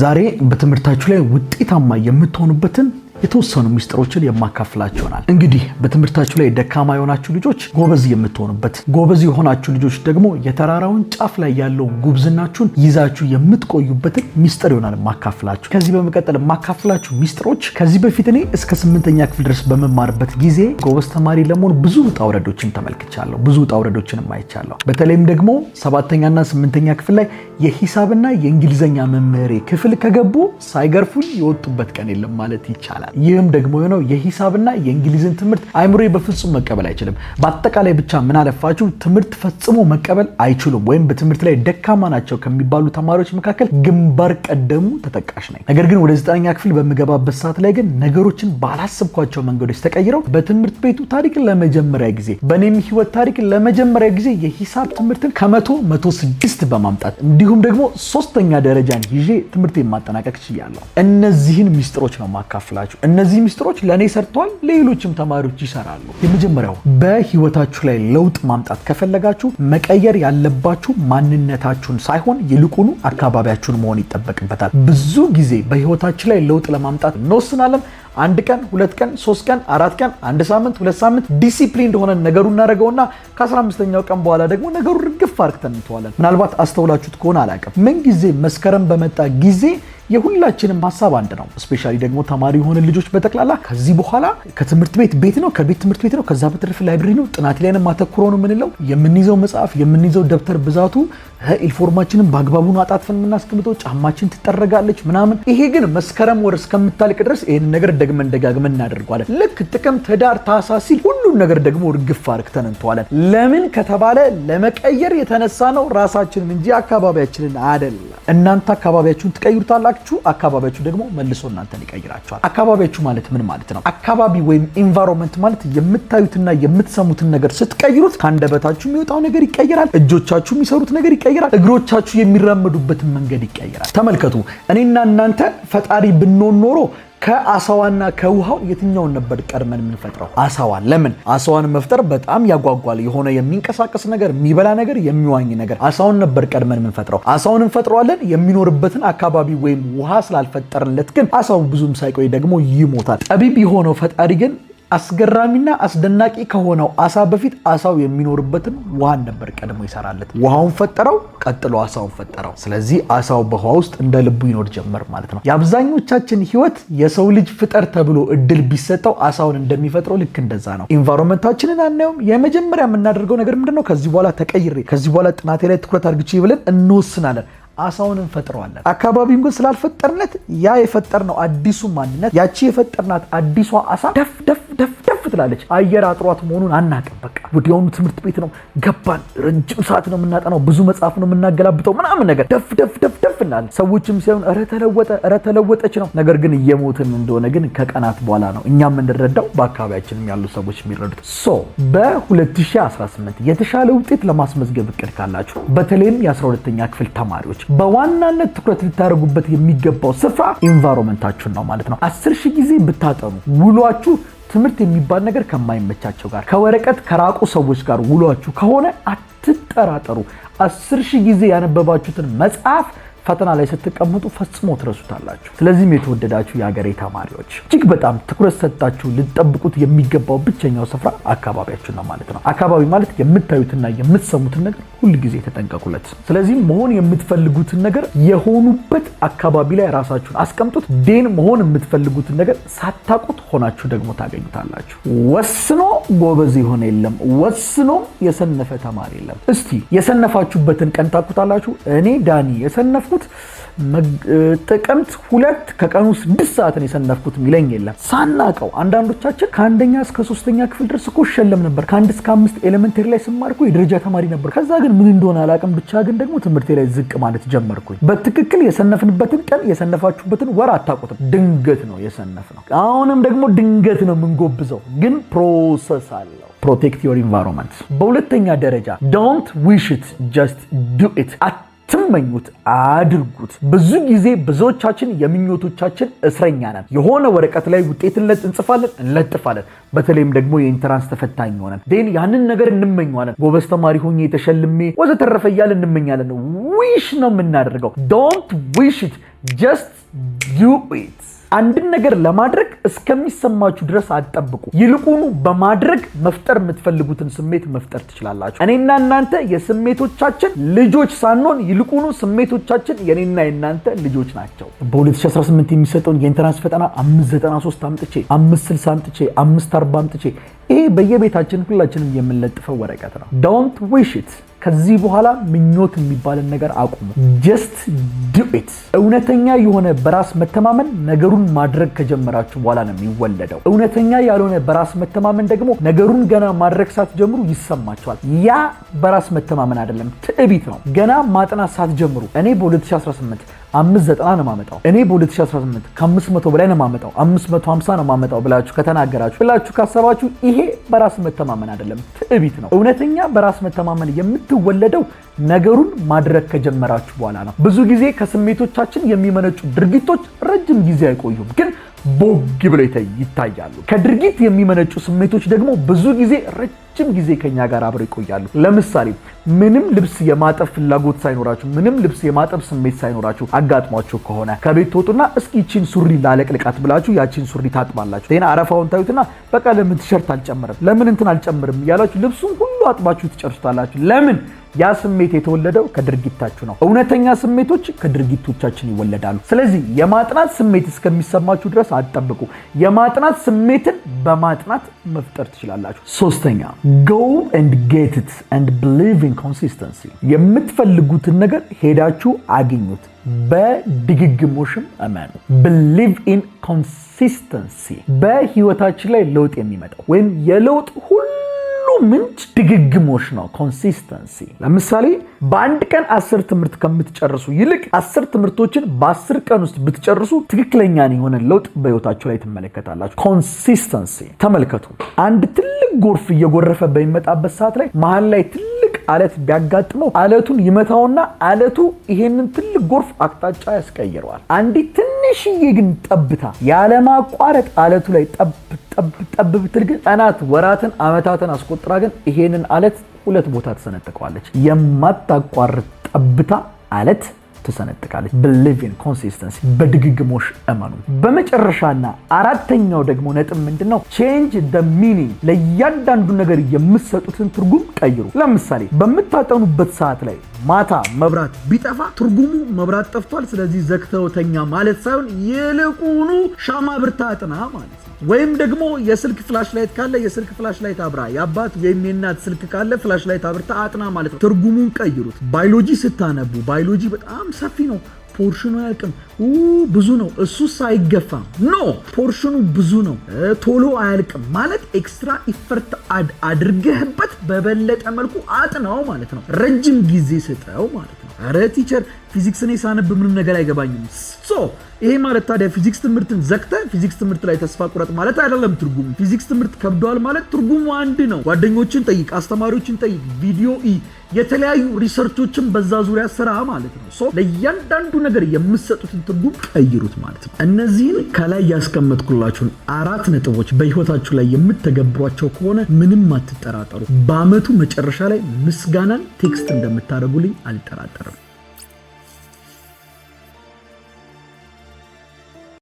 ዛሬ በትምህርታችሁ ላይ ውጤታማ የምትሆኑበትን የተወሰኑ ሚስጥሮችን የማካፍላችሁ ይሆናል። እንግዲህ በትምህርታችሁ ላይ ደካማ የሆናችሁ ልጆች ጎበዝ የምትሆኑበት፣ ጎበዝ የሆናችሁ ልጆች ደግሞ የተራራውን ጫፍ ላይ ያለው ጉብዝናችሁን ይዛችሁ የምትቆዩበትን ሚስጥር ይሆናል ማካፍላችሁ። ከዚህ በመቀጠል የማካፍላችሁ ሚስጥሮች ከዚህ በፊት እኔ እስከ ስምንተኛ ክፍል ድረስ በመማርበት ጊዜ ጎበዝ ተማሪ ለመሆን ብዙ ውጣ ውረዶችን ተመልክቻለሁ፣ ብዙ ውጣ ውረዶችን አይቻለሁ። በተለይም ደግሞ ሰባተኛና ስምንተኛ ክፍል ላይ የሂሳብና የእንግሊዘኛ መምህሬ ክፍል ከገቡ ሳይገርፉኝ የወጡበት ቀን የለም ማለት ይቻላል። ይህም ደግሞ የሆነው የሂሳብና የእንግሊዝን ትምህርት አይምሮ በፍጹም መቀበል አይችልም። በአጠቃላይ ብቻ ምን አለፋችሁ ትምህርት ፈጽሞ መቀበል አይችሉም፣ ወይም በትምህርት ላይ ደካማ ናቸው ከሚባሉ ተማሪዎች መካከል ግንባር ቀደሙ ተጠቃሽ ነኝ። ነገር ግን ወደ ዘጠነኛ ክፍል በምገባበት ሰዓት ላይ ግን ነገሮችን ባላሰብኳቸው መንገዶች ተቀይረው በትምህርት ቤቱ ታሪክ ለመጀመሪያ ጊዜ በእኔም ህይወት ታሪክ ለመጀመሪያ ጊዜ የሂሳብ ትምህርትን ከመቶ መቶ ስድስት በማምጣት እንዲ እንዲሁም ደግሞ ሶስተኛ ደረጃን ይዤ ትምህርት ማጠናቀቅ ችያለሁ። እነዚህን ሚስጥሮች ነው ማካፍላችሁ። እነዚህ ሚስጥሮች ለእኔ ሰርተዋል፣ ለሌሎችም ተማሪዎች ይሰራሉ። የመጀመሪያው በህይወታችሁ ላይ ለውጥ ማምጣት ከፈለጋችሁ መቀየር ያለባችሁ ማንነታችሁን ሳይሆን ይልቁኑ አካባቢያችሁን መሆን ይጠበቅበታል። ብዙ ጊዜ በህይወታችን ላይ ለውጥ ለማምጣት እንወስናለን አንድ ቀን ሁለት ቀን ሶስት ቀን አራት ቀን አንድ ሳምንት ሁለት ሳምንት ዲሲፕሊን እንደሆነ ነገሩ እናደርገውና ከ15ኛው ቀን በኋላ ደግሞ ነገሩ ርግፍ አርክተን እንተዋለን። ምናልባት አስተውላችሁት ከሆነ አላውቅም፣ ምንጊዜ መስከረም በመጣ ጊዜ የሁላችንም ሀሳብ አንድ ነው። ስፔሻሊ ደግሞ ተማሪ የሆነ ልጆች በጠቅላላ ከዚህ በኋላ ከትምህርት ቤት ቤት ነው፣ ከቤት ትምህርት ቤት ነው፣ ከዛ በተረፈ ላይብረሪ ነው፣ ጥናት ላይ ማተኩሮ ነው የምንለው። የምንይዘው መጽሐፍ የምንይዘው ደብተር ብዛቱ ኢንፎርማችንን በአግባቡ አጣጥፈን የምናስቀምጠው፣ ጫማችን ትጠረጋለች ምናምን። ይሄ ግን መስከረም ወር እስከምታልቅ ድረስ ይህን ነገር ደግመን ደጋግመን እናደርገዋለን። ልክ ጥቅም ህዳር፣ ታህሳስ ሲል ሁሉም ነገር ደግሞ እርግፍ አርግተን እንተዋለን። ለምን ከተባለ ለመቀየር የተነሳ ነው ራሳችንን እንጂ አካባቢያችንን አደላ። እናንተ አካባቢያችሁን ትቀይሩታላችሁ ከሰራችሁ አካባቢያችሁ ደግሞ መልሶ እናንተን ይቀይራችኋል። አካባቢያችሁ ማለት ምን ማለት ነው? አካባቢ ወይም ኢንቫይሮንመንት ማለት የምታዩትና የምትሰሙትን ነገር ስትቀይሩት ከአንደበታችሁ የሚወጣው ነገር ይቀይራል። እጆቻችሁ የሚሰሩት ነገር ይቀይራል። እግሮቻችሁ የሚራመዱበትን መንገድ ይቀይራል። ተመልከቱ፣ እኔና እናንተ ፈጣሪ ብንሆን ኖሮ ከአሳዋና ከውሃው የትኛውን ነበር ቀድመን የምንፈጥረው? አሳዋን። ለምን አሳዋን መፍጠር በጣም ያጓጓል። የሆነ የሚንቀሳቀስ ነገር፣ የሚበላ ነገር፣ የሚዋኝ ነገር። አሳውን ነበር ቀድመን የምንፈጥረው። አሳውን እንፈጥረዋለን። የሚኖርበትን አካባቢ ወይም ውሃ ስላልፈጠርንለት ግን አሳው ብዙም ሳይቆይ ደግሞ ይሞታል። ጠቢብ የሆነው ፈጣሪ ግን አስገራሚና አስደናቂ ከሆነው አሳ በፊት አሳው የሚኖርበትን ውሃን ነበር ቀድሞ ይሰራለት። ውሃውን ፈጠረው፣ ቀጥሎ አሳውን ፈጠረው። ስለዚህ አሳው በውሃ ውስጥ እንደ ልቡ ይኖር ጀመር ማለት ነው። የአብዛኞቻችን ህይወት የሰው ልጅ ፍጠር ተብሎ እድል ቢሰጠው አሳውን እንደሚፈጥረው ልክ እንደዛ ነው። ኢንቫይሮንመንታችንን አናየውም። የመጀመሪያ የምናደርገው ነገር ምንድነው? ከዚህ በኋላ ተቀይሬ ከዚህ በኋላ ጥናቴ ላይ ትኩረት አድርግቼ ብለን እንወስናለን። አሳውን እንፈጥረዋለን። አካባቢውን ግን ስላልፈጠርነት ያ የፈጠርነው አዲሱ ማንነት ያቺ የፈጠርናት አዲሷ አሳ ደፍ ደፍ ትላለች። አየር አጥሯት መሆኑን አናቅም። በቃ ወዲያውኑ ትምህርት ቤት ነው ገባን። ረጅም ሰዓት ነው የምናጠናው፣ ብዙ መጽሐፍ ነው የምናገላብጠው ምናምን ነገር ደፍ ደፍ ደፍ ደፍ እናለን። ሰዎችም ሲሆን ኧረ ተለወጠ፣ ኧረ ተለወጠች ነው። ነገር ግን እየሞትን እንደሆነ ግን ከቀናት በኋላ ነው እኛ የምንረዳው፣ በአካባቢያችንም ያሉ ሰዎች የሚረዱት። ሶ በ2018 የተሻለ ውጤት ለማስመዝገብ እቅድ ካላችሁ በተለይም የ12ኛ ክፍል ተማሪዎች በዋናነት ትኩረት ልታደርጉበት የሚገባው ስፍራ ኢንቫይሮመንታችሁን ነው ማለት ነው። አስር ሺህ ጊዜ ብታጠኑ ውሏችሁ ትምህርት የሚባል ነገር ከማይመቻቸው ጋር ከወረቀት ከራቁ ሰዎች ጋር ውሏችሁ ከሆነ አትጠራጠሩ። አስር ሺህ ጊዜ ያነበባችሁትን መጽሐፍ ፈተና ላይ ስትቀመጡ ፈጽሞ ትረሱታላችሁ። ስለዚህም የተወደዳችሁ የሀገሬ ተማሪዎች እጅግ በጣም ትኩረት ሰጣችሁ ልጠብቁት የሚገባው ብቸኛው ስፍራ አካባቢያችሁ ነው ማለት ነው። አካባቢ ማለት የምታዩትና የምትሰሙትን ነገር ጊዜ ተጠንቀቁለት። ስለዚህም መሆን የምትፈልጉትን ነገር የሆኑበት አካባቢ ላይ ራሳችሁን አስቀምጡት። ዴን መሆን የምትፈልጉትን ነገር ሳታቁት ሆናችሁ ደግሞ ታገኙታላችሁ። ወስኖ ጎበዝ የሆነ የለም፣ ወስኖ የሰነፈ ተማሪ የለም። እስቲ የሰነፋችሁበትን ቀን ታቁታላችሁ። እኔ ዳኒ የሰነፍኩ የሰነፍኩት ጥቅምት ሁለት ከቀኑ ስድስት ሰዓትን የሰነፍኩት የሚለኝ የለም። ሳናቀው አንዳንዶቻችን ከአንደኛ እስከ ሶስተኛ ክፍል ድረስ እኮ እሸለም ነበር። ከአንድ እስከ አምስት ኤሌመንተሪ ላይ ስማርኩ የደረጃ ተማሪ ነበር። ከዛ ግን ምን እንደሆነ አላቅም፣ ብቻ ግን ደግሞ ትምህርቴ ላይ ዝቅ ማለት ጀመርኩኝ። በትክክል የሰነፍንበትን ቀን የሰነፋችሁበትን ወር አታውቁትም። ድንገት ነው የሰነፍ ነው። አሁንም ደግሞ ድንገት ነው የምንጎብዘው፣ ግን ፕሮሰስ አለው። ፕሮቴክት ዮር ኢንቫይሮንመንት። በሁለተኛ ደረጃ ዶንት ዊሽ ኢት ጀስት ዱ ኢት ትመኙት አድርጉት። ብዙ ጊዜ ብዙዎቻችን የምኞቶቻችን እስረኛ ነን። የሆነ ወረቀት ላይ ውጤትን እንጽፋለን፣ እንለጥፋለን። በተለይም ደግሞ የኢንትራንስ ተፈታኝ ሆነን ን ያንን ነገር እንመኘዋለን። ጎበዝ ተማሪ ሆኜ የተሸልሜ ወዘተረፈ እያለ እንመኛለን። ዊሽ ነው የምናደርገው። ዶንት ዊሽ ኢት ጀስት ዱ ኢት አንድን ነገር ለማድረግ እስከሚሰማችሁ ድረስ አትጠብቁ። ይልቁኑ በማድረግ መፍጠር የምትፈልጉትን ስሜት መፍጠር ትችላላችሁ። እኔና እናንተ የስሜቶቻችን ልጆች ሳንሆን ይልቁኑ ስሜቶቻችን የኔና የእናንተ ልጆች ናቸው። በ2018 የሚሰጠውን የኢንተራንስ ፈጠና 593 አምጥቼ 560 አምጥቼ 540 አምጥቼ ይሄ በየቤታችን ሁላችንም የምንለጥፈው ወረቀት ነው። ዶንት ዊሽ ኢት ከዚህ በኋላ ምኞት የሚባልን ነገር አቁሙ። ጀስት ዱ እውነተኛ የሆነ በራስ መተማመን ነገሩን ማድረግ ከጀመራችሁ በኋላ ነው የሚወለደው። እውነተኛ ያልሆነ በራስ መተማመን ደግሞ ነገሩን ገና ማድረግ ሳትጀምሩ ይሰማቸዋል ያ በራስ መተማመን አይደለም፣ ትዕቢት ነው። ገና ማጥናት ሳትጀምሩ እኔ በ2018 አምስት ዘጠና ነው የማመጣው እኔ በ2018 ከ 500 በላይ ነው የማመጣው 550 ነው የማመጣው ብላችሁ ከተናገራችሁ ብላችሁ ካሰባችሁ ይሄ በራስ መተማመን አይደለም፣ ትዕቢት ነው። እውነተኛ በራስ መተማመን የምትወለደው ነገሩን ማድረግ ከጀመራችሁ በኋላ ነው። ብዙ ጊዜ ከስሜቶቻችን የሚመነጩ ድርጊቶች ረጅም ጊዜ አይቆዩም ግን ቦግ ብለው ይታያሉ። ከድርጊት የሚመነጩ ስሜቶች ደግሞ ብዙ ጊዜ ረጅም ጊዜ ከኛ ጋር አብረው ይቆያሉ። ለምሳሌ ምንም ልብስ የማጠብ ፍላጎት ሳይኖራችሁ፣ ምንም ልብስ የማጠብ ስሜት ሳይኖራችሁ አጋጥሟችሁ ከሆነ ከቤት ትወጡና እስኪ ይቺን ሱሪ ላለቅልቃት ብላችሁ ያቺን ሱሪ ታጥባላችሁ። ዜና አረፋውን ታዩትና በቃ ለምን ቲሸርት አልጨምርም፣ ለምን እንትን አልጨምርም እያላችሁ ልብሱን ሁሉ አጥባችሁ ትጨርሱታላችሁ። ለምን? ያ ስሜት የተወለደው ከድርጊታችሁ ነው። እውነተኛ ስሜቶች ከድርጊቶቻችን ይወለዳሉ። ስለዚህ የማጥናት ስሜት እስከሚሰማችሁ ድረስ አትጠብቁ። የማጥናት ስሜትን በማጥናት መፍጠር ትችላላችሁ። ሶስተኛ ጎ ኤንድ ጌት ኢት ኤንድ ብሊቭ ኢን ኮንሲስተንሲ። የምትፈልጉትን ነገር ሄዳችሁ አግኙት። በድግግሞሽም እመኑ። ብሊቭ ኢን ኮንሲስተንሲ። በህይወታችን ላይ ለውጥ የሚመጣው ወይም የለውጥ ሁሉ ምንጭ ድግግሞች ነው፣ ኮንሲስተንሲ። ለምሳሌ በአንድ ቀን አስር ትምህርት ከምትጨርሱ ይልቅ አስር ትምህርቶችን በአስር ቀን ውስጥ ብትጨርሱ ትክክለኛን የሆነ ለውጥ በህይወታችሁ ላይ ትመለከታላችሁ። ኮንሲስተንሲ። ተመልከቱ፣ አንድ ትልቅ ጎርፍ እየጎረፈ በሚመጣበት ሰዓት ላይ መሀል ላይ ትልቅ ትልቅ አለት ቢያጋጥመው አለቱን ይመታውና አለቱ ይሄንን ትልቅ ጎርፍ አቅጣጫ ያስቀይረዋል። አንዲት ትንሽዬ ግን ጠብታ ያለማቋረጥ አለቱ ላይ ጠብ ጠብ ጠብ ብትል ግን ቀናት፣ ወራትን፣ ዓመታትን አስቆጥራ ግን ይሄንን አለት ሁለት ቦታ ትሰነጥቀዋለች። የማታቋርጥ ጠብታ አለት ትሰነጥቃለች። ብሊቭ ኢን ኮንሲስተንሲ፣ በድግግሞሽ እመኑ። በመጨረሻና አራተኛው ደግሞ ነጥብ ምንድን ነው? ቼንጅ ደ ሚኒንግ። ለእያንዳንዱ ነገር የምትሰጡትን ትርጉም ቀይሩ። ለምሳሌ በምታጠኑበት ሰዓት ላይ ማታ መብራት ቢጠፋ ትርጉሙ መብራት ጠፍቷል፣ ስለዚህ ዘግተውተኛ ማለት ሳይሆን ይልቁኑ ሻማ ብርታ አጥና ማለት ወይም ደግሞ የስልክ ፍላሽ ላይት ካለ የስልክ ፍላሽ ላይት አብራ፣ የአባት ወይም የእናት ስልክ ካለ ፍላሽ ላይት አብርታ አጥና ማለት ነው። ትርጉሙን ቀይሩት። ባዮሎጂ ስታነቡ ባዮሎጂ በጣም ሰፊ ነው፣ ፖርሽኑ አያልቅም፣ ብዙ ነው፣ እሱስ አይገፋም። ኖ ፖርሽኑ ብዙ ነው፣ ቶሎ አያልቅም ማለት ኤክስትራ ኢፈርት አድ አድርገህበት በበለጠ መልኩ አጥናው ማለት ነው። ረጅም ጊዜ ስጠው ማለት ነው። ኧረ ቲቸር ፊዚክስን የሳነብ ምንም ነገር አይገባኝም። ሶ ይሄ ማለት ታዲያ ፊዚክስ ትምህርትን ዘግተ ፊዚክስ ትምህርት ላይ ተስፋ ቁረጥ ማለት አይደለም። ትርጉሙ ፊዚክስ ትምህርት ከብደዋል ማለት ትርጉሙ አንድ ነው። ጓደኞችን ጠይቅ፣ አስተማሪዎችን ጠይቅ፣ ቪዲዮ ኢ የተለያዩ ሪሰርቾችን በዛ ዙሪያ ስራ ማለት ነው። ሶ ለእያንዳንዱ ነገር የምሰጡትን ትርጉም ቀይሩት ማለት ነው። እነዚህን ከላይ ያስቀመጥኩላችሁን አራት ነጥቦች በህይወታችሁ ላይ የምትተገብሯቸው ከሆነ ምንም አትጠራጠሩ፣ በአመቱ መጨረሻ ላይ ምስጋናን ቴክስት እንደምታደርጉልኝ አልጠራጠርም።